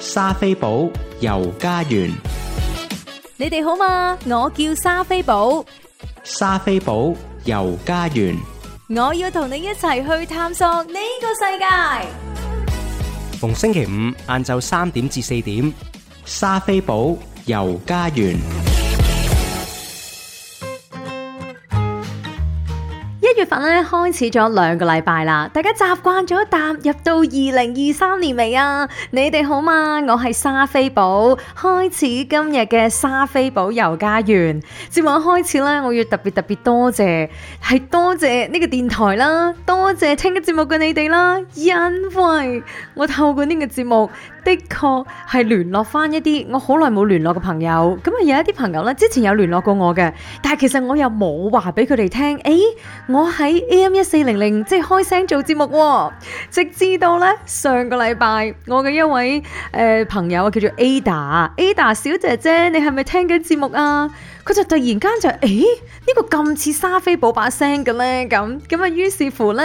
莎菲寶遊加園，你哋好嘛？我叫莎菲寶，莎菲寶遊加園，我要同你一齊去探索呢個世界。逢星期五晏晝三點至四點，莎菲寶遊加園。咧開始咗兩個禮拜啦，大家習慣咗踏入到二零二三年未啊？你哋好嘛？我係莎菲寶，開始今日嘅莎菲寶遊加園節目開始咧，我要特別特別多謝，係多謝呢個電台啦，多謝聽嘅節目嘅你哋啦，因為我透過呢個節目。的確係聯絡翻一啲我好耐冇聯絡嘅朋友，咁啊，有一啲朋友咧，之前有聯絡過我嘅，但係其實我又冇話俾佢哋聽，誒、欸、我喺 AM 一四零零即係開聲做節目，直至到咧上個禮拜，我嘅一位誒、呃、朋友叫做 Ada，Ada Ada 小姐姐，你係咪聽緊節目啊？佢就突然間就，誒，呢個咁似莎菲寶把聲嘅呢？咁咁啊，於是乎呢，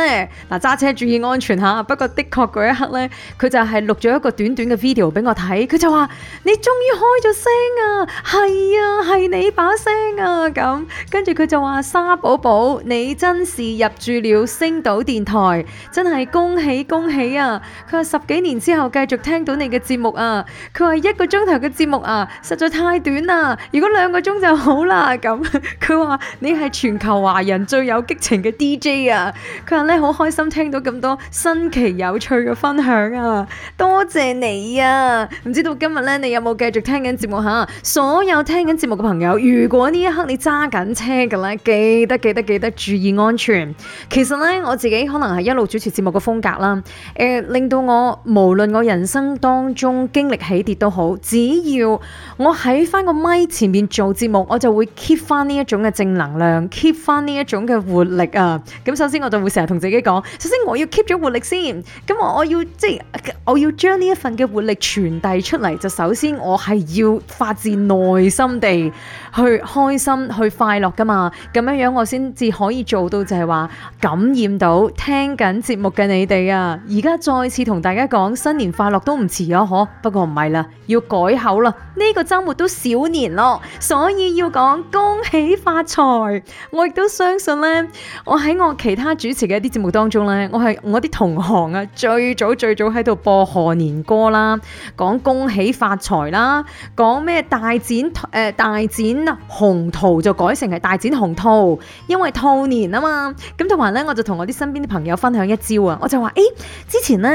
嗱揸車注意安全嚇。不過的確嗰一刻呢，佢就係錄咗一個短短嘅 video 俾我睇，佢就話：你終於開咗聲啊，係啊，係你把聲啊。咁跟住佢就話：莎寶寶，你真是入住了星島電台，真係恭喜恭喜啊！佢話十幾年之後繼續聽到你嘅節目啊。佢話一個鐘頭嘅節目啊，實在太短啦。如果兩個鐘就。好啦，咁佢話你係全球華人最有激情嘅 DJ 啊！佢話咧好開心聽到咁多新奇有趣嘅分享啊！多謝你啊！唔知道今日咧你有冇繼續聽緊節目吓？所有聽緊節目嘅朋友，如果呢一刻你揸緊車嘅咧，記得記得記得，記得注意安全。其實咧我自己可能係一路主持節目嘅風格啦，誒、呃、令到我無論我人生當中經歷起跌都好，只要我喺返個咪前面做節目，我。就會 keep 返呢一種嘅正能量，keep 返呢一種嘅活力啊！咁首先我就會成日同自己講，首先我要 keep 咗活力先，咁我我要即係我要將呢一份嘅活力傳遞出嚟，就首先我係要發自內心地。去開心去快樂噶嘛？咁樣樣我先至可以做到，就係話感染到聽緊節目嘅你哋啊！而家再次同大家講新年快樂都唔遲咗嗬，不過唔係啦，要改口啦。呢個周末都小年咯，所以要講恭喜發財。我亦都相信呢，我喺我其他主持嘅一啲節目當中呢，我係我啲同行啊，最早最早喺度播賀年歌啦，講恭喜發財啦，講咩大展大展。呃大展鴻圖就改成係大展鴻圖，因為兔年啊嘛，咁同埋呢，我就同我啲身邊嘅朋友分享一招啊，我就話誒、欸，之前呢，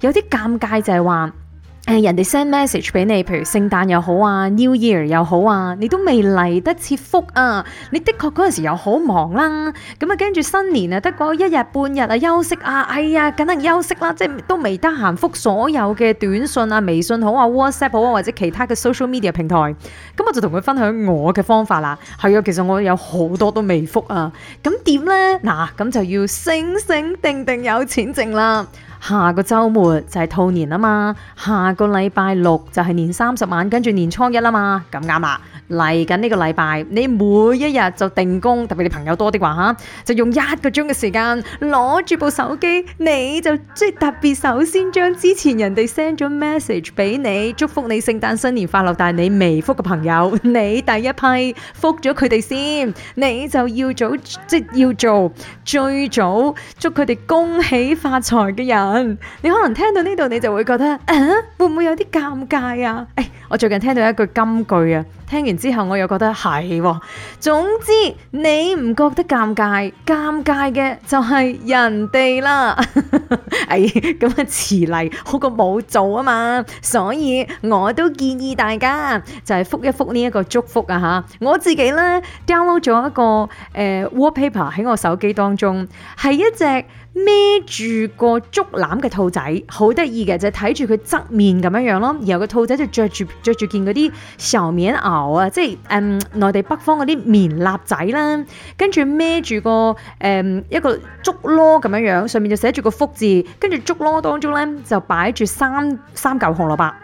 有啲尷尬就係話。人哋 send message 俾你，譬如聖誕又好啊，New Year 又好啊，你都未嚟得切覆啊！你的確嗰陣時又好忙啦，咁啊跟住新年啊得嗰一日半日啊休息啊，哎呀，梗係休息啦，即係都未得閒覆所有嘅短信啊、微信也好啊、WhatsApp 也好啊或者其他嘅 social media 平台。咁我就同佢分享我嘅方法啦。係啊，其實我有好多都未覆啊。咁點呢？嗱，咁就要醒醒定定有錢剩啦。下個周末就係兔年啊嘛，下個禮拜六就係年三十晚，跟住年初一啊嘛，咁啱啦。嚟緊呢個禮拜，你每一日就定工，特別你朋友多啲話吓，就用一個鐘嘅時間攞住部手機，你就即係特別首先將之前人哋 send 咗 message 俾你，祝福你聖誕新年快樂，但係你未覆嘅朋友，你第一批覆咗佢哋先，你就要早即係要做最早祝佢哋恭喜發財嘅人。你可能聽到呢度，你就會覺得，嗯，會唔會有啲尷尬啊？誒，我最近聽到一句金句啊，聽完之後我又覺得係。總之，你唔覺得尷尬，尷尬嘅就係人哋啦。哎，咁嘅遲嚟好過冇做啊嘛。所以我都建議大家就係復一復呢一個祝福啊吓。我自己咧 download 咗一個誒，wallpaper 喺我手機當中係一隻。孭住個竹籃嘅兔仔，好得意嘅就係睇住佢側面咁樣樣咯，然後個兔仔就着住著住件嗰啲小棉襖啊，即係誒內地北方嗰啲棉襤仔啦，跟住孭住個誒、嗯、一個竹籮咁樣樣，上面就寫住個福字，跟住竹籮當中咧就擺住三三嚿紅蘿蔔。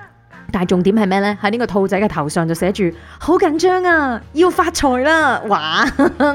大重點係咩呢？喺呢個兔仔嘅頭上就寫住好緊張啊，要發財啦！哇，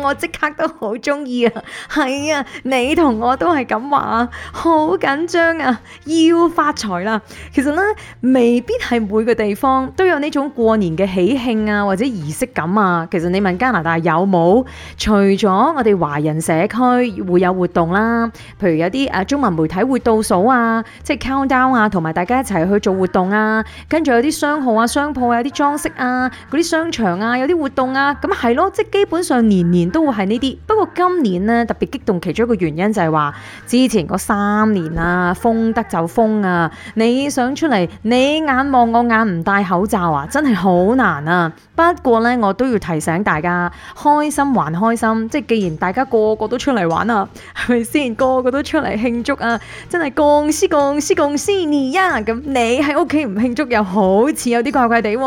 我即刻都好中意啊！係啊，你同我都係咁話，好緊張啊，要發財啦！其實呢，未必係每個地方都有呢種過年嘅喜慶啊或者儀式感啊。其實你問加拿大有冇？除咗我哋華人社區會有活動啦、啊，譬如有啲中文媒體會倒數啊，即係 count down 啊，同埋大家一齊去做活動啊，仲有啲商號啊、商鋪啊、有啲裝飾啊、啲商場啊、有啲活動啊，咁係咯，即基本上年年都會係呢啲。不過今年咧特別激動，其中一個原因就係話，之前三年啊，封得就封啊，你想出嚟，你眼望我眼唔戴口罩啊，真係好難啊。不過咧，我都要提醒大家，開心還開心，即係既然大家個個都出嚟玩啊，係咪先？個個都出嚟慶祝啊，真係恭喜恭喜恭喜你呀！咁你喺屋企唔慶祝又？好似有啲怪怪地，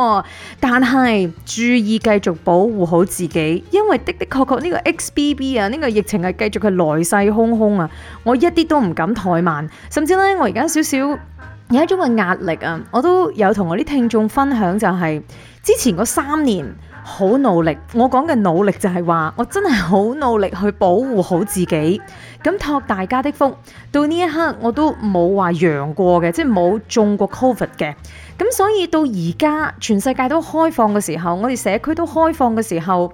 但係注意繼續保護好自己，因為的的確確呢個 XBB 啊，呢個疫情係繼續嘅來勢洶洶啊。我一啲都唔敢怠慢，甚至咧我而家少少有一種嘅壓力啊。我都有同我啲聽眾分享，就係之前嗰三年好努力，我講嘅努力就係話我真係好努力去保護好自己。咁託大家的福，到呢一刻我都冇話陽過嘅，即係冇中過 Covid 嘅。咁所以到而家全世界都開放嘅時候，我哋社區都開放嘅時候。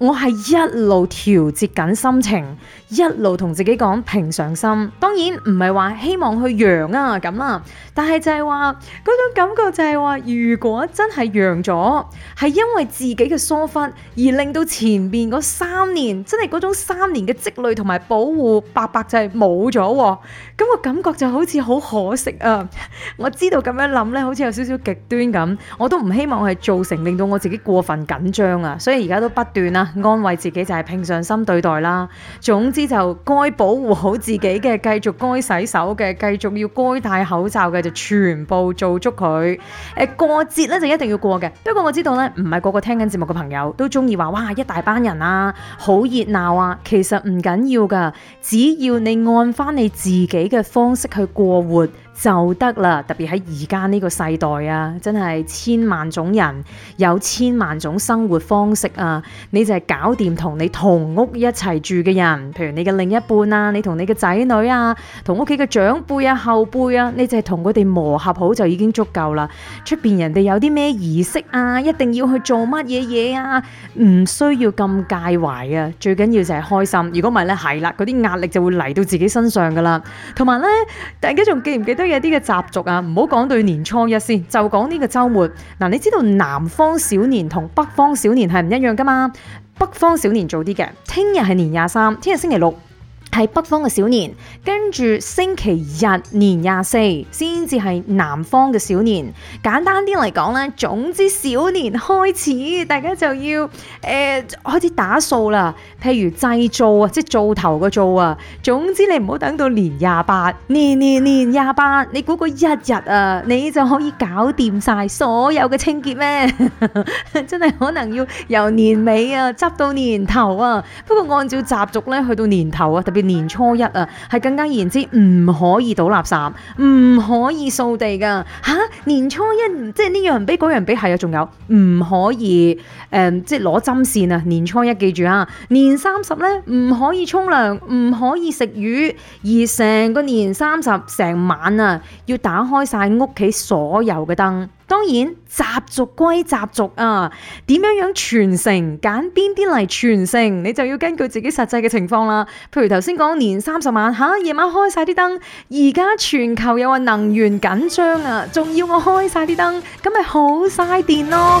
我係一路調節緊心情，一路同自己講平常心。當然唔係話希望去陽啊咁啊，但係就係話嗰種感覺就係話，如果真係陽咗，係因為自己嘅疏忽而令到前面嗰三年真係嗰種三年嘅積累同埋保護白白就係冇咗。咁個感覺就好似好可惜啊！我知道咁樣諗咧，好似有少少極端咁，我都唔希望我係造成令到我自己過分緊張啊，所以而家都不斷啊。安慰自己就係平常心對待啦，總之就該保護好自己嘅，繼續該洗手嘅，繼續要該戴口罩嘅就全部做足佢。誒，過節呢就一定要過嘅，不過我知道呢，唔係個個聽緊節目嘅朋友都中意話，哇，一大班人啊，好熱鬧啊，其實唔緊要㗎，只要你按翻你自己嘅方式去過活就得啦，特別喺而家呢個世代啊，真係千萬種人，有千萬種生活方式啊！你就係搞掂同你同屋一齊住嘅人，譬如你嘅另一半啊，你同你嘅仔女啊，同屋企嘅長輩啊、後輩啊，你就係同佢哋磨合好就已經足夠啦。出邊人哋有啲咩儀式啊，一定要去做乜嘢嘢啊？唔需要咁介懷啊，最緊要就係開心。如果唔係咧，係啦，啲壓力就會嚟到自己身上噶啦。同埋咧，大家仲記唔記得？嘅啲嘅習俗啊，唔好講對年初一先，就講呢個週末嗱。你知道南方小年同北方小年係唔一樣㗎嘛？北方小年早啲嘅，聽日係年廿三，聽日星期六。係北方嘅小年，跟住星期日年廿四先至係南方嘅小年。簡單啲嚟講咧，總之小年開始，大家就要誒、欸、開始打掃啦。譬如祭灶啊，即係灶頭個灶啊。總之你唔好等到年廿八，年年年廿八，你估個一日啊，你就可以搞掂晒所有嘅清潔咩？ 真係可能要由年尾啊執到年頭啊。不過按照習俗咧，去到年頭啊，特別。年初一啊，係更加言之唔可以倒垃圾，唔可以掃地㗎。嚇、啊，年初一即係呢樣比嗰樣比，係啊，仲有唔可以誒、嗯，即係攞針線啊。年初一，記住啊，年三十咧唔可以沖涼，唔可以食魚，而成個年三十成晚啊，要打開晒屋企所有嘅燈。當然，習俗歸習俗啊，點樣樣傳承，揀邊啲嚟傳承，你就要根據自己實際嘅情況啦。譬如頭先講年三十、啊、晚嚇，夜晚開晒啲燈，而家全球又話能源緊張啊，仲要我開晒啲燈，咁咪好嘥電咯。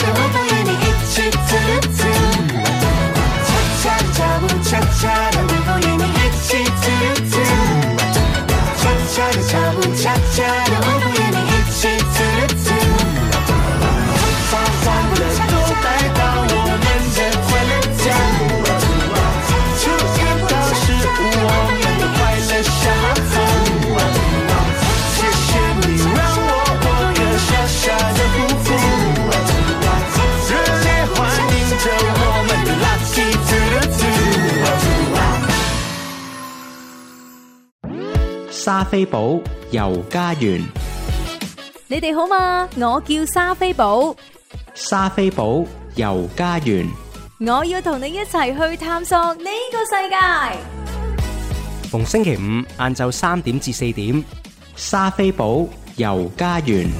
莎菲寶遊加園，你哋好嘛？我叫莎菲寶，莎菲寶遊加園，我要同你一齊去探索呢個世界。逢星期五晏晝三點至四點，莎菲寶遊加園。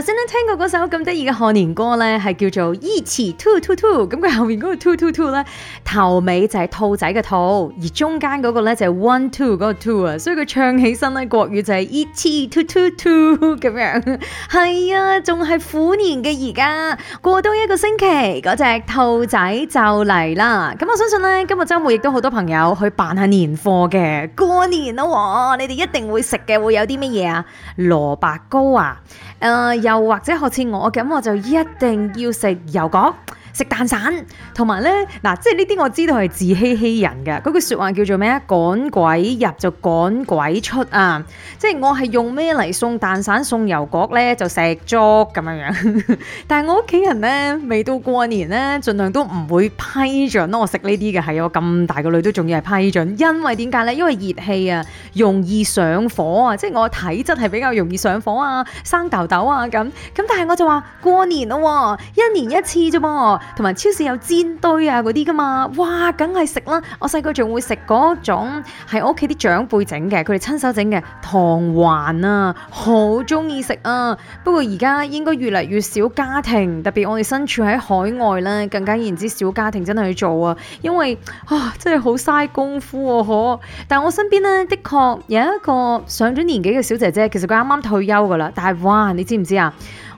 頭先咧，聽過嗰首咁得意嘅賀年歌咧，係叫做 e 詞 two two two。咁佢後面嗰個 two two two 咧，頭尾就係兔仔嘅兔，而中間嗰個咧就係 one two 嗰個 two 啊。所以佢唱起身咧，國語就係 e 詞 two two two 咁樣。係啊，仲係虎年嘅，而家過多一個星期，嗰隻兔仔就嚟啦。咁我相信咧，今日周末亦都好多朋友去辦下年貨嘅過年咯。你哋一定會食嘅，會有啲乜嘢啊？蘿蔔糕啊？呃、uh，又或者好似我咁，我就一定要食油角。食蛋散，同埋呢，嗱，即係呢啲我知道係自欺欺人㗎。嗰句説話叫做咩啊？趕鬼入就趕鬼出啊！即係我係用咩嚟送蛋散、送油角呢？就石竹咁樣樣。但係我屋企人呢，未到過年呢，盡量都唔會批准咯。我食呢啲嘅係我咁大個女都仲要係批准，因為點解呢？因為熱氣啊，容易上火啊！即係我體質係比較容易上火啊，生痘痘啊咁。咁但係我就話過年咯，一年一次啫噃。同埋超市有煎堆啊嗰啲噶嘛，哇，梗係食啦！我細個仲會食嗰種係我屋企啲長輩整嘅，佢哋親手整嘅糖環啊，好鍾意食啊！不過而家應該越嚟越少家庭，特別我哋身處喺海外咧，更加言之少家庭真係去做啊，因為很啊，真係好嘥功夫哦！嗬，但我身邊咧的確有一個上咗年紀嘅小姐姐，其實佢啱啱退休噶啦，但係哇，你知唔知啊？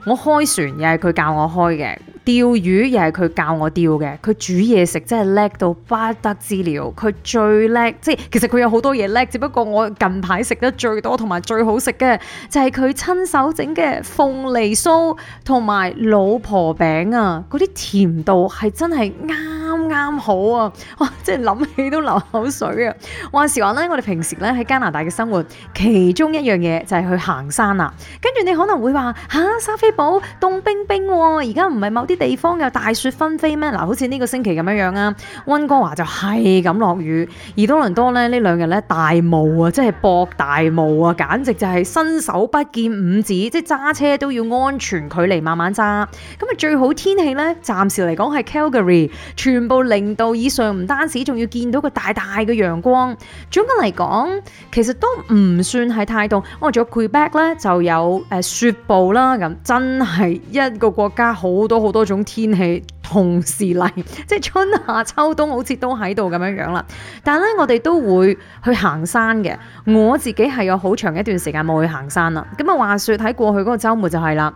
我開船又係佢教我開嘅。釣魚又係佢教我釣嘅，佢煮嘢食真係叻到不得之了。佢最叻，即係其實佢有好多嘢叻，只不過我近排食得最多同埋最好食嘅就係佢親手整嘅鳳梨酥同埋老婆餅啊！嗰啲甜度係真係啱啱好啊！哇，即係諗起都流口水啊！話時話咧，我哋平時咧喺加拿大嘅生活，其中一樣嘢就係去行山啊。跟住你可能會話吓、啊，莎菲寶凍冰冰喎，而家唔係某啲。地方有大雪紛飛咩？嗱，好似呢個星期咁樣樣啊，溫哥華就係咁落雨，而多倫多咧呢兩日咧大霧啊，即係薄大霧啊，簡直就係伸手不見五指，即係揸車都要安全距離慢慢揸。咁啊，最好天氣咧，暫時嚟講係 Calgary，全部零度以上，唔單止仲要見到個大大嘅陽光。總嘅嚟講，其實都唔算係太凍。我仲有 Quebec 咧，就有誒雪暴啦，咁真係一個國家好多好多。嗰種天氣同時嚟，即係春夏秋冬，好似都喺度咁樣樣啦。但係咧，我哋都會去行山嘅。我自己係有好長一段時間冇去行山啦。咁啊，話說喺過去嗰個周末就係啦。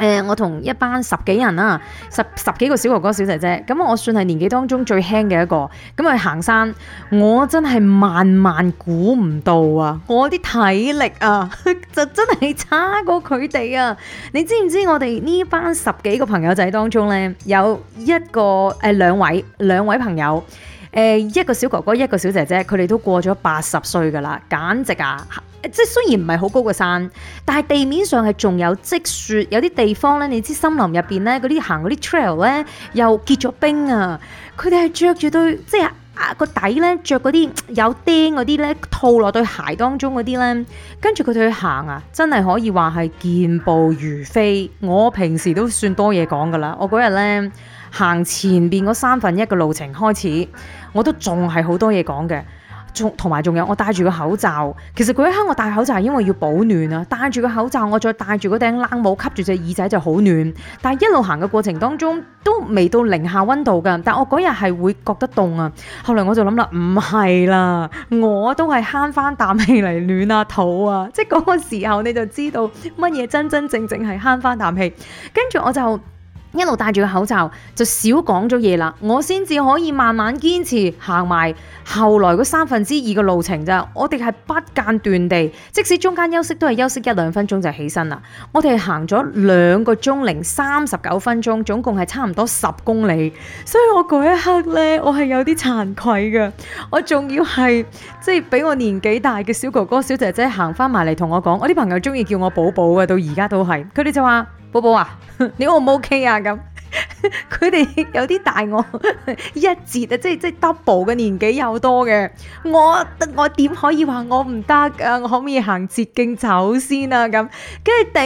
誒、呃，我同一班十幾人啦、啊，十十幾個小哥哥、小姐姐，咁我算係年紀當中最輕嘅一個，咁去行山，我真係萬萬估唔到啊！我啲體力啊，就真係差過佢哋啊！你知唔知我哋呢班十幾個朋友仔當中呢，有一個誒兩、呃、位，兩位朋友，誒、呃、一個小哥哥，一個小姐姐，佢哋都過咗八十歲㗎喇，簡直啊！即係雖然唔係好高嘅山，但係地面上係仲有積雪，有啲地方咧，你知森林入邊咧，嗰啲行嗰啲 trail 咧，又結咗冰啊！佢哋係着住對即係個底咧，着嗰啲有釘嗰啲咧，套落對鞋當中嗰啲咧，跟住佢哋去行啊，真係可以話係健步如飛。我平時都算多嘢講噶啦，我嗰日咧，行前邊嗰三分一嘅路程開始，我都仲係好多嘢講嘅。仲同埋仲有，我戴住個口罩。其實嗰一刻我戴口罩係因為要保暖啊。戴住個口罩，我再戴住嗰頂冷帽，吸住隻耳仔就好暖。但係一路行嘅過程當中，都未到零下溫度噶。但我嗰日係會覺得凍啊。後來我就諗啦，唔係啦，我都係慳翻啖氣嚟暖啊、肚啊。即係嗰個時候你就知道乜嘢真真正正係慳翻啖氣。跟住我就。一路戴住個口罩就少講咗嘢啦，我先至可以慢慢堅持行埋後來嗰三分之二嘅路程咋。我哋係不間斷地，即使中間休息都係休息一兩分鐘就起身啦。我哋行咗兩個鐘零三十九分鐘，總共係差唔多十公里。所以我嗰一刻咧，我係有啲慚愧㗎。我仲要係即係俾我年紀大嘅小哥哥、小姐姐行翻埋嚟同我講，我啲朋友中意叫我寶寶嘅，到而家都係。佢哋就話。寶寶啊，你 O 唔 O K 啊？咁佢哋有啲大我一截啊，即係即係 double 嘅年紀又多嘅，我我點可以話我唔得啊？我可唔可以行捷徑走先啊？咁跟住頂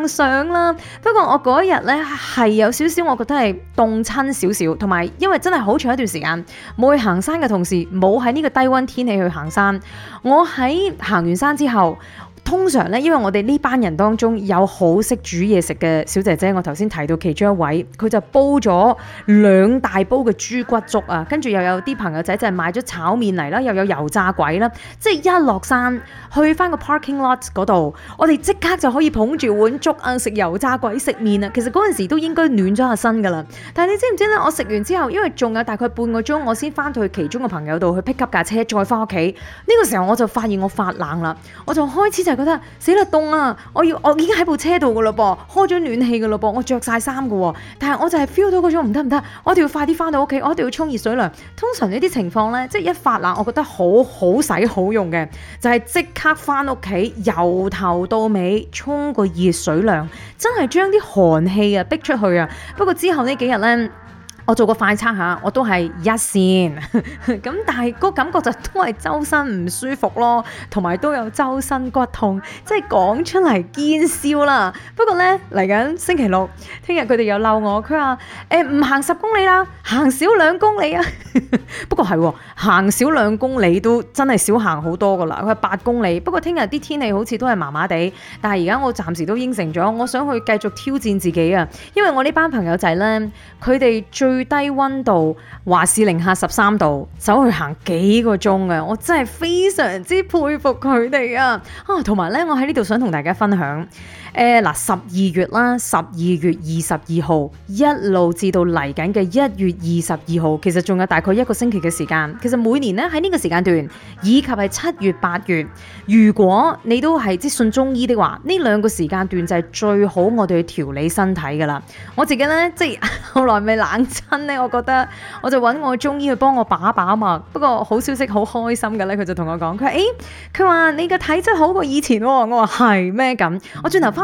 硬上啦。不過我嗰日咧係有少少，我覺得係凍親少少，同埋因為真係好長一段時間冇去行山嘅同時，冇喺呢個低溫天氣去行山。我喺行完山之後。通常咧，因為我哋呢班人當中有好識煮嘢食嘅小姐姐，我頭先提到其中一位，佢就煲咗兩大煲嘅豬骨粥啊，跟住又有啲朋友仔就係買咗炒麵嚟啦，又有油炸鬼啦、啊，即係一落山去翻個 parking lot 嗰度，我哋即刻就可以捧住碗粥啊，食油炸鬼食麵啊，其實嗰陣時都應該暖咗下身噶啦。但係你知唔知咧？我食完之後，因為仲有大概半個鐘，我先翻到去其中個朋友度去 pick up 架車，再翻屋企，呢個時候我就發現我發冷啦，我就開始就係死啦，凍啊！我要我已經喺部車度噶啦噃，開咗暖氣噶啦噃，我着晒衫噶，但係我就係 feel 到嗰種唔得唔得，我哋要快啲翻到屋企，我哋要沖熱水涼。通常呢啲情況咧，即係一發冷，我覺得好好使好用嘅，就係、是、即刻翻屋企由頭到尾沖個熱水涼，真係將啲寒氣啊逼出去啊！不過之後幾呢幾日咧。我做個快測，嚇，我都係一線咁，但係個感覺就都係周身唔舒服咯，同埋都有周身骨痛，即係講出嚟見笑啦。不過呢，嚟緊星期六，聽日佢哋又鬧我，佢話：誒、欸、唔行十公里啦，行少兩公里啊。 不過係，行少兩公里都真係少行好多噶啦。佢話八公里，不過聽日啲天氣好似都係麻麻地，但係而家我暫時都應承咗，我想去繼續挑戰自己啊。因為我呢班朋友仔呢，佢哋最～最低溫度話係零下十三度，走去行幾個鐘嘅。啊，我真係非常之佩服佢哋啊！啊，同埋呢，我喺呢度想同大家分享。誒嗱，十 二樂月啦，十二月二十二號一路至到嚟緊嘅一月二十二號，其實仲有大概一個星期嘅時間。其實每年咧喺呢個時間段，以及係七月八月，如果你都係即信中醫的話，呢兩個時間段就係最好我哋去調理身體噶啦我自己咧即係後來咪冷親咧，我覺得我就揾我中醫去幫我把把嘛。不過好消息好開心嘅咧，佢就同我講，佢話誒，佢話你嘅體質好過以前，哦，我話係咩咁？我轉頭翻。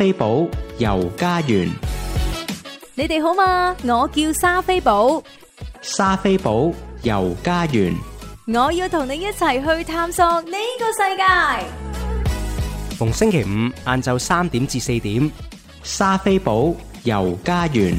莎菲寶遊加園，你哋好嘛？我叫莎菲寶，莎菲寶遊加園，我要同你一齊去探索呢個世界。逢星期五晏晝三點至四點，莎菲寶遊加園。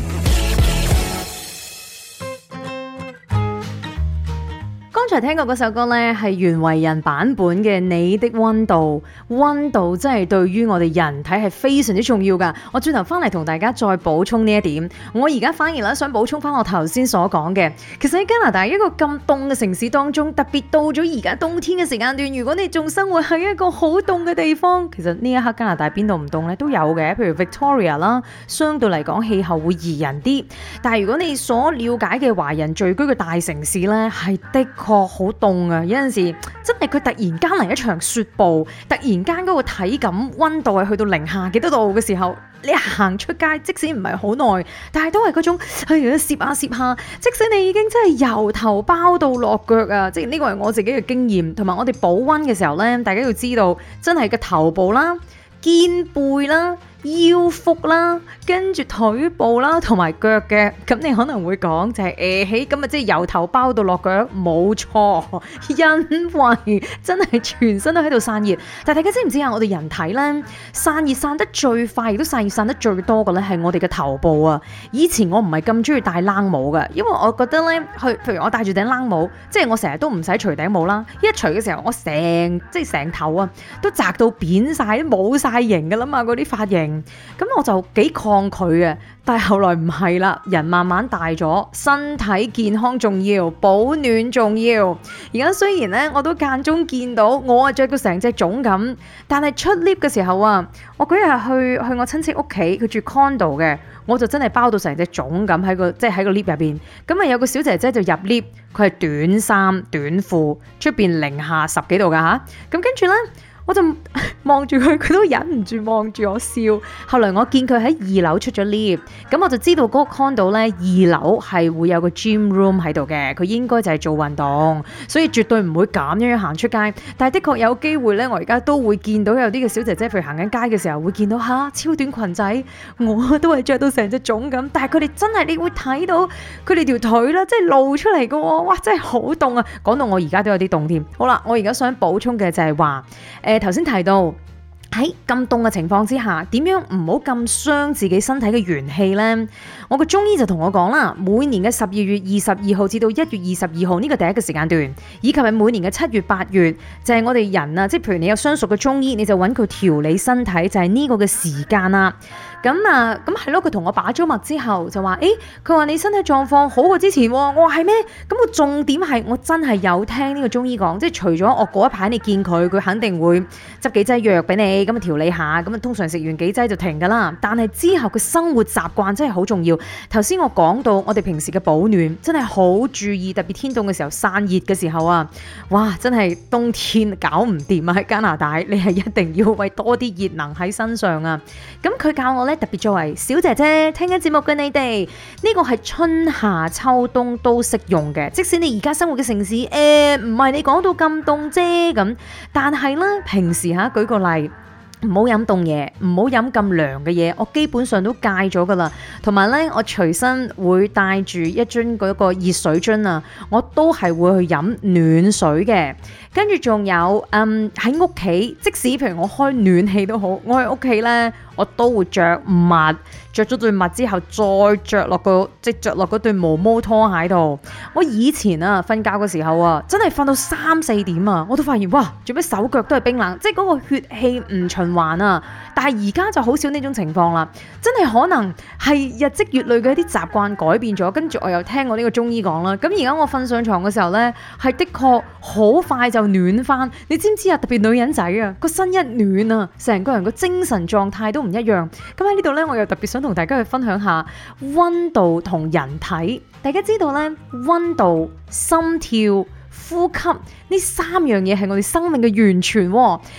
剛才聽過嗰首歌呢，係袁惟仁版本嘅《你的溫度》。溫度真係對於我哋人體係非常之重要噶。我轉頭翻嚟同大家再補充呢一點。我而家反而咧想補充翻我頭先所講嘅。其實喺加拿大一個咁凍嘅城市當中，特別到咗而家冬天嘅時間段，如果你仲生活喺一個好凍嘅地方，其實呢一刻加拿大邊度唔凍咧都有嘅。譬如 Victoria 啦，相對嚟講氣候會宜人啲。但係如果你所了解嘅華人聚居嘅大城市呢，係的確。好、哦、凍啊！有陣時真係佢突然間嚟一場雪暴，突然間嗰個體感温度係去到零下幾多度嘅時候，你行出街，即使唔係好耐，但係都係嗰種去咁攝下攝下，即使你已經真係由頭包到落腳啊！即係呢個係我自己嘅經驗，同埋我哋保温嘅時候呢，大家要知道，真係個頭部啦、肩背啦。腰腹啦，跟住腿部啦，同埋腳嘅，咁你可能會講就係誒起咁啊，即係由頭包到落腳，冇錯，因為真係全身都喺度散熱。但大家知唔知啊？我哋人體咧散熱散得最快，亦都散熱散得最多嘅咧，係我哋嘅頭部啊！以前我唔係咁中意戴冷帽嘅，因為我覺得咧，去譬如我戴住頂冷帽，即係我成日都唔使除頂帽啦。一除嘅時候，我成即係成頭啊都擳到扁晒，都冇晒形嘅啦嘛，嗰啲髮型。咁、嗯、我就幾抗拒嘅，但係後來唔係啦，人慢慢大咗，身體健康重要，保暖重要。而家雖然咧，我都間中見到我啊着到成隻粽咁，但係出 lift 嘅時候啊，我嗰日去去我親戚屋企，佢住 condo 嘅，我就真係包到成隻粽咁喺個即係喺個 lift 入邊。咁、就、啊、是、有個小姐姐就入 lift，佢係短衫短褲，出邊零下十幾度噶吓，咁跟住咧。我就望住佢，佢都忍唔住望住我笑。後來我見佢喺二樓出咗 lift，咁我就知道嗰個 condo 咧，二樓係會有個 gym room 喺度嘅，佢應該就係做運動，所以絕對唔會咁樣樣行出街。但係的確有機會咧，我而家都會見到有啲嘅小姐姐，譬如行緊街嘅時候會見到，吓、啊、超短裙仔，我都係着到成隻粽咁。但係佢哋真係你會睇到佢哋條腿啦，即係露出嚟嘅。哇，真係好凍啊！講到我而家都有啲凍添。好啦，我而家想補充嘅就係話，誒、呃。頭先提到喺咁凍嘅情況之下，點樣唔好咁傷自己身體嘅元氣呢？我個中醫就同我講啦，每年嘅十二月二十二號至到一月二十二號呢個第一個時間段，以及係每年嘅七月八月，就係我哋人啊，即係譬如你有相熟嘅中醫，你就揾佢調理身體，就係呢個嘅時間啦。咁、嗯、啊，咁係咯，佢同我把咗脈之後就話，誒、欸，佢話你身體狀況好過之前，我話係咩？咁我重點係，我真係有聽呢個中醫講，即係除咗我嗰一排你見佢，佢肯定會執幾劑藥俾你，咁啊調理下，咁啊通常食完幾劑就停噶啦。但係之後嘅生活習慣真係好重要。頭先我講到我哋平時嘅保暖真係好注意，特別天凍嘅時候散熱嘅時候啊，哇！真係冬天搞唔掂啊！喺加拿大，你係一定要餵多啲熱能喺身上啊。咁、嗯、佢、嗯、教我咧。特別作為小姐姐聽緊節目嘅你哋，呢個係春夏秋冬都適用嘅。即使你而家生活嘅城市，誒，唔係你講到咁凍啫咁，但係咧平時吓舉個例，唔好飲凍嘢，唔好飲咁涼嘅嘢。我基本上都戒咗㗎喇，同埋咧我隨身會帶住一樽嗰個熱水樽啊，我都係會去飲暖水嘅。跟住仲有，嗯，喺屋企，即使譬如我開暖氣都好，我喺屋企咧。我都會着襪，着咗對襪之後再着落個即着落嗰對毛毛拖鞋度。我以前啊，瞓覺嘅時候啊，真係瞓到三四點啊，我都發現哇，做咩手腳都係冰冷，即係嗰個血氣唔循環啊。但係而家就好少呢種情況啦，真係可能係日積月累嘅一啲習慣改變咗。跟住我又聽過呢個中醫講啦，咁而家我瞓上床嘅時候呢，係的確好快就暖翻。你知唔知啊？特別女人仔啊，個身一暖啊，成個人個精神狀態都唔～一樣咁喺呢度呢，我又特別想同大家去分享下溫度同人體。大家知道呢，溫度、心跳、呼吸呢三樣嘢係我哋生命嘅源泉。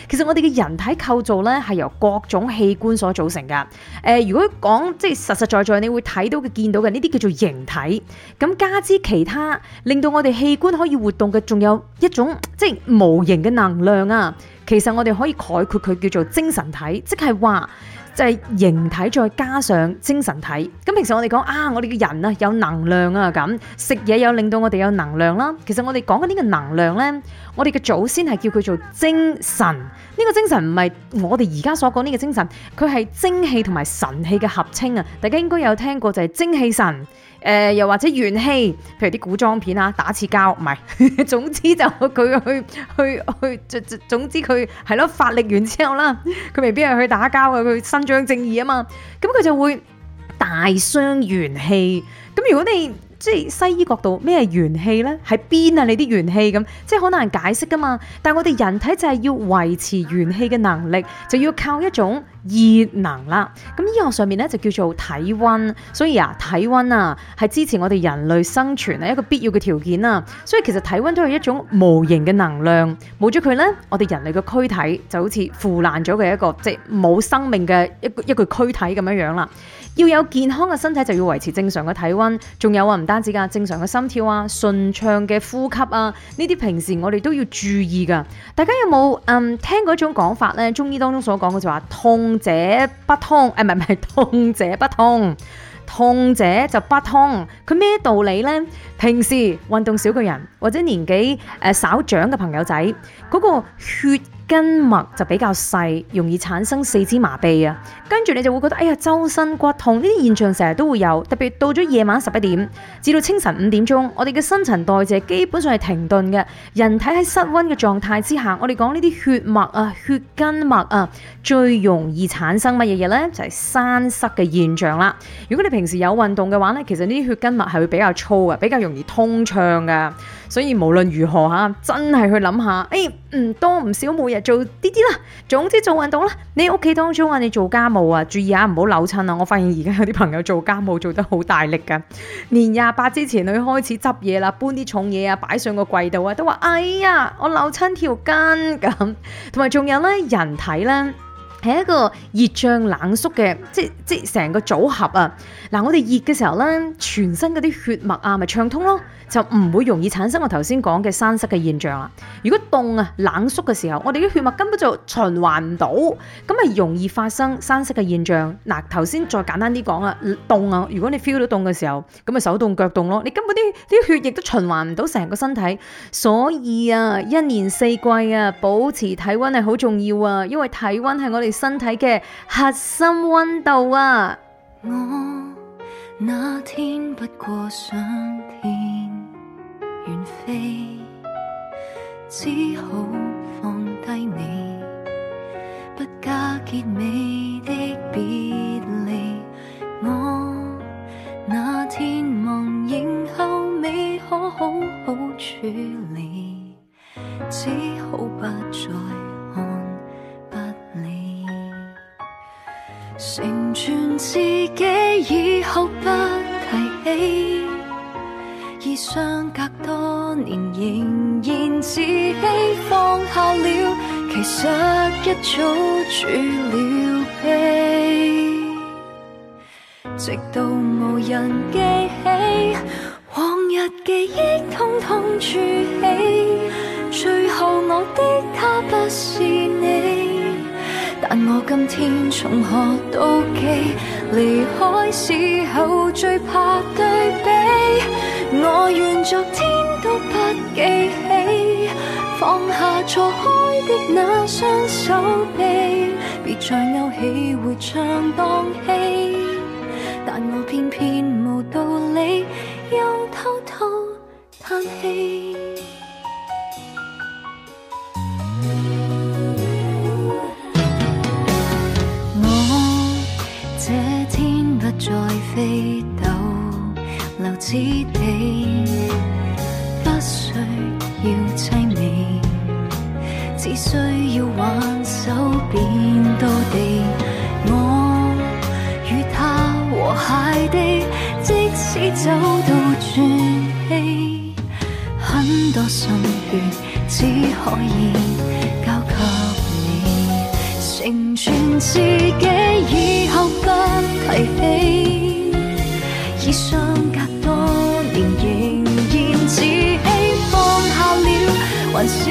其實我哋嘅人體構造呢，係由各種器官所組成㗎。誒、呃，如果講即係實實在在，在你會睇到嘅、見到嘅呢啲叫做形體。咁加之其他，令到我哋器官可以活動嘅，仲有一種即係無形嘅能量啊。其實我哋可以概括佢叫做精神體，即係話。就係、是、形體再加上精神體。咁平時我哋講啊，我哋嘅人啊有能量啊咁，食嘢又令到我哋有能量啦。其實我哋講嘅呢個能量呢，我哋嘅祖先係叫佢做精神。呢、這個精神唔係我哋而家所講呢個精神，佢係精氣同埋神氣嘅合稱啊。大家應該有聽過就係精氣神。誒、呃、又或者元氣，譬如啲古裝片啊，打次交唔係，總之就佢去去去，總之佢係咯，發力完之後啦，佢未必係去打交啊，佢伸張正義啊嘛，咁佢就會大傷元氣。咁如果你即係西醫角度咩元氣呢？喺邊啊？你啲元氣咁，即係好難解釋噶嘛。但係我哋人體就係要維持元氣嘅能力，就要靠一種熱能啦。咁醫學上面咧就叫做體溫。所以啊，體溫啊係支持我哋人類生存啊一個必要嘅條件啊。所以其實體溫都係一種無形嘅能量。冇咗佢呢，我哋人類嘅軀體就好似腐爛咗嘅一個，即係冇生命嘅一個一個軀體咁樣樣啦。要有健康嘅身體就要維持正常嘅體溫，仲有啊，唔單止㗎，正常嘅心跳啊，順暢嘅呼吸啊，呢啲平時我哋都要注意㗎。大家有冇嗯聽嗰種講法呢？中醫當中所講嘅就話「痛者不通」哎，誒，唔係唔係，「痛者不通」，「痛者就不通」。佢咩道理呢？平時運動少嘅人或者年紀誒稍長嘅朋友仔，嗰個血筋脈就比較細，容易產生四肢麻痹啊。跟住你就會覺得哎呀，周身骨痛，呢啲現象成日都會有，特別到咗夜晚十一點至到清晨五點鐘，我哋嘅新陳代謝基本上係停頓嘅。人體喺室温嘅狀態之下，我哋講呢啲血脈啊、血筋脈啊，最容易產生乜嘢嘢呢？就係、是、山塞嘅現象啦。如果你平時有運動嘅話呢，其實呢啲血筋脈係會比較粗嘅，比較容易通暢嘅。所以無論如何吓，真係去諗下，哎，唔多唔少每日做啲啲啦，總之做運動啦。你屋企當中啊，你做家務。注意啊，唔好扭親啊。我發現而家有啲朋友做家務做得好大力噶，年廿八之前佢開始執嘢啦，搬啲重嘢啊，擺上個櫃度啊，都話哎呀，我扭親條筋咁。同埋仲有呢，人體呢，係一個熱脹冷縮嘅，即即成個組合啊。嗱，我哋熱嘅時候呢，全身嗰啲血脈啊，咪暢通咯。就唔會容易產生我頭先講嘅栓塞嘅現象啦。如果凍啊冷縮嘅時候，我哋啲血脈根本就循環唔到，咁啊容易發生栓塞嘅現象。嗱、啊，頭先再簡單啲講啊，凍啊，如果你 feel 到凍嘅時候，咁咪手凍腳凍咯，你根本啲啲血液都循環唔到成個身體。所以啊，一年四季啊，保持體溫係好重要啊，因為體溫係我哋身體嘅核心溫度啊。 那天不過上天遠飛，只好放低你，不加結尾。今天從何妒忌？離開時候最怕對比。我願昨天都不記起，放下錯開的那雙手臂，別再勾起迴腸蕩氣。走到絕地，很多心血只可以交給你，成全自己以後不提起。已相隔多年，仍然自欺，放下了，還是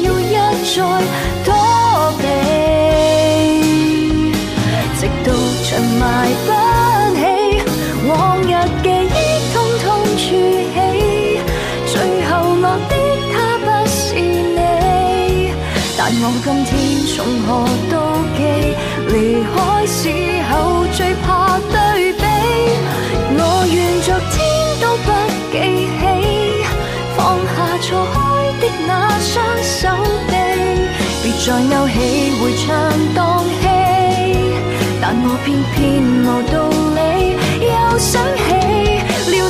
要一再。離開時候最怕對比，我願昨天都不記起，放下錯開的那雙手臂，別再勾起回腸蕩氣。但我偏偏無道理，又想起了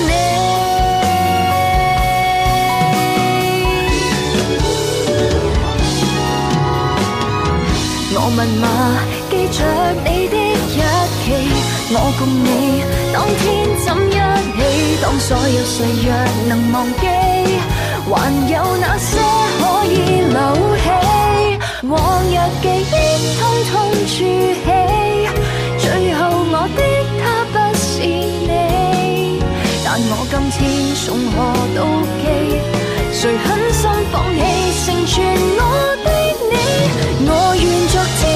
你。我密碼。着你的日記，我共你當天怎一起？當所有誓約能忘記，還有那些可以留起，往日記憶通通儲起。最後我的他不是你，但我今天從何妒忌？誰狠心放棄成全我的你？我願着天。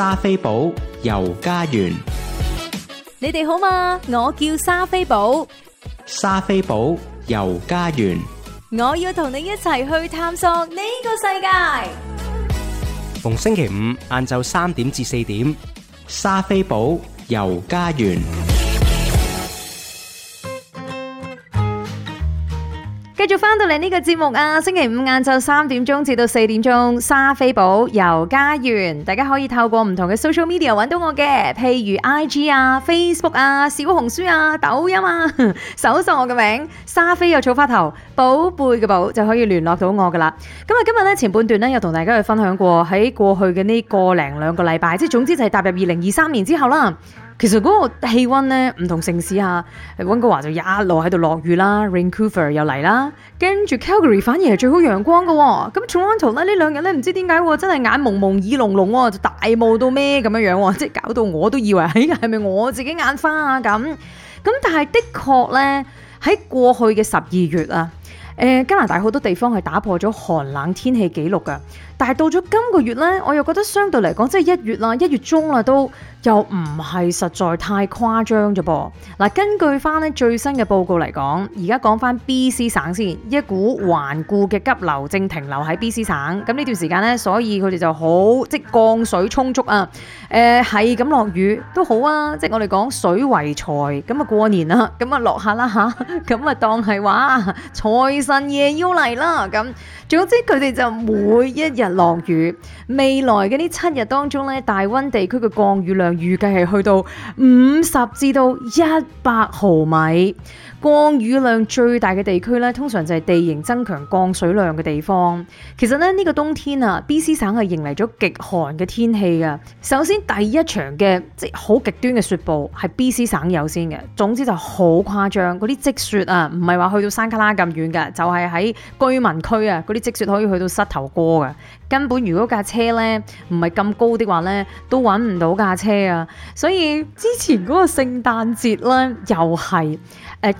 莎菲寶遊加園，你哋好嘛？我叫莎菲寶。莎菲寶遊加園，我要同你一齊去探索呢個世界。逢星期五晏晝三點至四點，莎菲寶遊加園。繼續翻到嚟呢個節目啊，星期五晏晝三點鐘至到四點鐘，莎菲寶遊加園，大家可以透過唔同嘅 social media 搵到我嘅，譬如 IG 啊、Facebook 啊、小紅書啊、抖音啊，搜 索我嘅名沙飛又草花頭，寶貝嘅寶就可以聯絡到我噶啦。咁啊，今日呢，前半段呢，又同大家去分享過喺過去嘅呢個零兩個禮拜，即係總之就係踏入二零二三年之後啦。其實嗰個氣温咧，唔同城市嚇、啊。温哥華就一路喺度落雨啦 Raincouver 又嚟啦，跟住 Calgary 反而係最好陽光嘅、哦。咁 Toronto 咧呢兩日咧，唔知點解喎，真係眼朦朦耳籠籠喎，就大霧到咩咁樣樣喎，即係搞到我都以為係咪係咪我自己眼花啊咁。咁但係的確咧，喺過去嘅十二月啊，誒、呃、加拿大好多地方係打破咗寒冷天氣紀錄嘅。但係到咗今個月咧，我又覺得相對嚟講，即係一月啦，一月中啦，都又唔係實在太誇張啫噃。嗱，根據翻咧最新嘅報告嚟講，而家講翻 BC 省先，一股頑固嘅急流正停留喺 BC 省。咁呢段時間咧，所以佢哋就好即係降水充足啊。誒，係咁落雨都好啊，即係我哋講水為財，咁啊過年啦，咁啊落下啦吓，咁啊當係話財神爺要嚟啦。咁總之佢哋就每一日。落雨，未來嘅呢七日當中咧，大溫地區嘅降雨量預計係去到五十至到一百毫米。降雨量最大嘅地區咧，通常就係地形增強降水量嘅地方。其實咧，呢個冬天啊，BC 省係迎嚟咗極寒嘅天氣嘅。首先第一場嘅即好極端嘅雪暴係 BC 省有先嘅。總之就好誇張，嗰啲積雪啊，唔係話去到山卡拉咁遠噶，就係喺居民區啊，嗰啲積雪可以去到膝頭哥噶。根本如果架車咧唔係咁高嘅話咧，都搵唔到架車啊！所以之前嗰個聖誕節呢，又係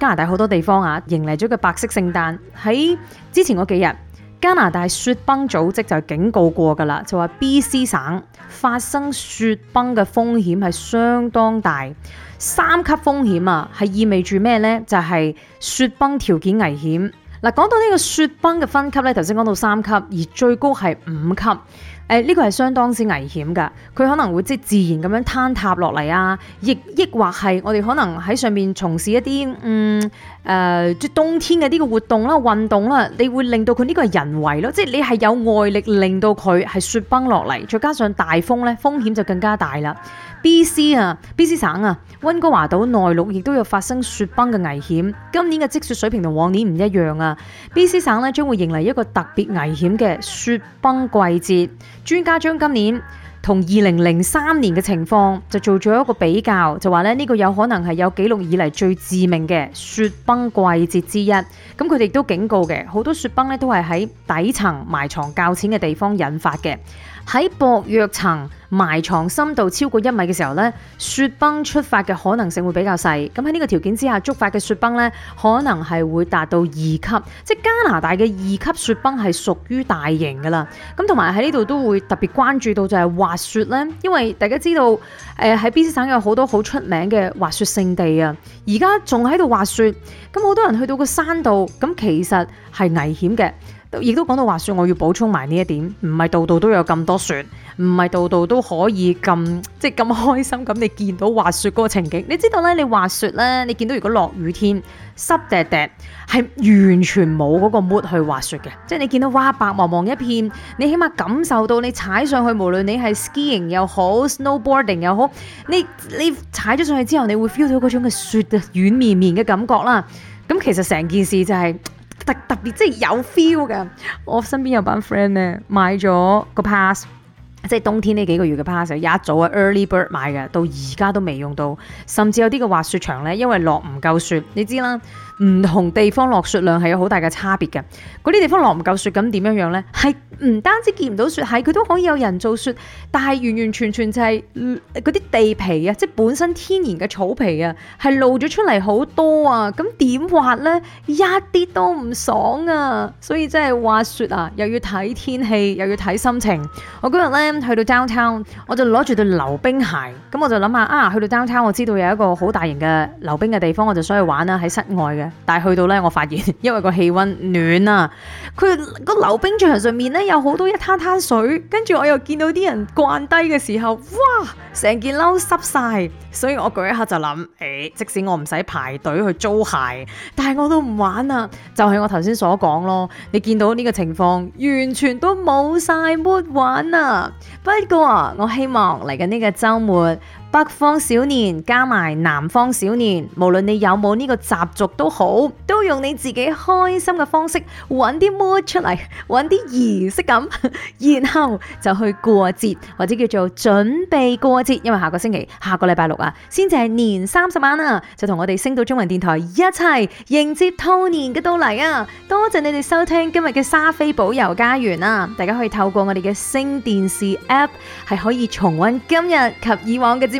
加拿大好多地方啊，迎嚟咗個白色聖誕。喺之前嗰幾日，加拿大雪崩組織就警告過㗎喇，就話 BC 省發生雪崩嘅風險係相當大，三級風險啊，係意味住咩呢？就係雪崩條件危險。嗱，講到呢個雪崩嘅分級咧，頭先講到三級，而最高係五級。誒、呃，呢、這個係相當之危險嘅，佢可能會即係自然咁樣坍塌落嚟啊，亦亦或係我哋可能喺上面從事一啲嗯誒即係冬天嘅呢個活動啦、運動啦，你會令到佢呢個係人為咯，即係你係有外力令到佢係雪崩落嚟，再加上大風咧，風險就更加大啦。B.C. 啊，B.C. 省啊，溫哥華島內陸亦都有發生雪崩嘅危險。今年嘅積雪水平同往年唔一樣啊。B.C. 省咧將會迎嚟一個特別危險嘅雪崩季節。專家將今年同二零零三年嘅情況就做咗一個比較，就話咧呢個有可能係有紀錄以嚟最致命嘅雪崩季節之一。咁佢哋都警告嘅，好多雪崩咧都係喺底層埋藏較淺嘅地方引發嘅。喺薄弱層埋藏深度超過一米嘅時候，呢雪崩出發嘅可能性會比較細。咁喺呢個條件之下，觸發嘅雪崩呢，可能係會達到二級。即加拿大嘅二級雪崩係屬於大型㗎啦。咁同埋喺呢度都會特別關注到就係滑雪呢，因為大家知道，誒喺 BC 省有好多好出名嘅滑雪勝地啊。而家仲喺度滑雪，咁好多人去到個山度，咁其實係危險嘅。亦都講到滑雪，我要補充埋呢一點，唔係度度都有咁多雪，唔係度度都可以咁即係咁開心咁你見到滑雪嗰個情景。你知道咧，你滑雪咧，你見到如果落雨天濕滴滴係完全冇嗰個 mood 去滑雪嘅，即係你見到哇，白茫茫一片，你起碼感受到你踩上去，無論你係 skiing 又好，snowboarding 又好，你你踩咗上去之後，你會 feel 到嗰種嘅雪嘅軟綿綿嘅感覺啦。咁其實成件事就係、是。特特別即係有 feel 㗎，我身邊有班 friend 咧，買咗個 pass，即係冬天呢幾個月嘅 pass，又一早啊 early bird 買嘅，到而家都未用到，甚至有啲嘅滑雪場咧，因為落唔夠雪，你知啦。唔同地方落雪量係有好大嘅差別嘅，嗰啲地方落唔夠雪咁點樣樣呢？係唔單止見唔到雪，係佢都可以有人造雪，但係完完全全就係嗰啲地皮啊，即係本身天然嘅草皮啊，係露咗出嚟好多啊！咁點滑呢？一啲都唔爽啊！所以真係滑雪啊，又要睇天氣，又要睇心情。我嗰日呢去到 Downtown，我就攞住對溜冰鞋，咁我就諗下啊，去到 Downtown 我知道有一個好大型嘅溜冰嘅地方，我就想去玩啦，喺室外嘅。但係去到呢，我發現因為個氣溫暖啊，佢個溜冰場上面呢，有好多一灘灘水，跟住我又見到啲人慣低嘅時候，哇，成件褸濕晒，所以我嗰一刻就諗，誒、哎，即使我唔使排隊去租鞋，但係我都唔玩啊，就係、是、我頭先所講咯，你見到呢個情況，完全都冇晒沒玩啊，不過我希望嚟緊呢個周末。北方小年加埋南方小年，無論你有冇呢個習俗都好，都用你自己開心嘅方式，揾啲 mood 出嚟，揾啲儀式感，然後就去過節或者叫做準備過節，因為下個星期下個禮拜六啊，先至係年三十晚啊，就同我哋星島中文電台一齊迎接兔年嘅到嚟啊！多謝你哋收聽今日嘅莎菲寶遊加園啊，大家可以透過我哋嘅星電視 app 係可以重溫今日及以往嘅節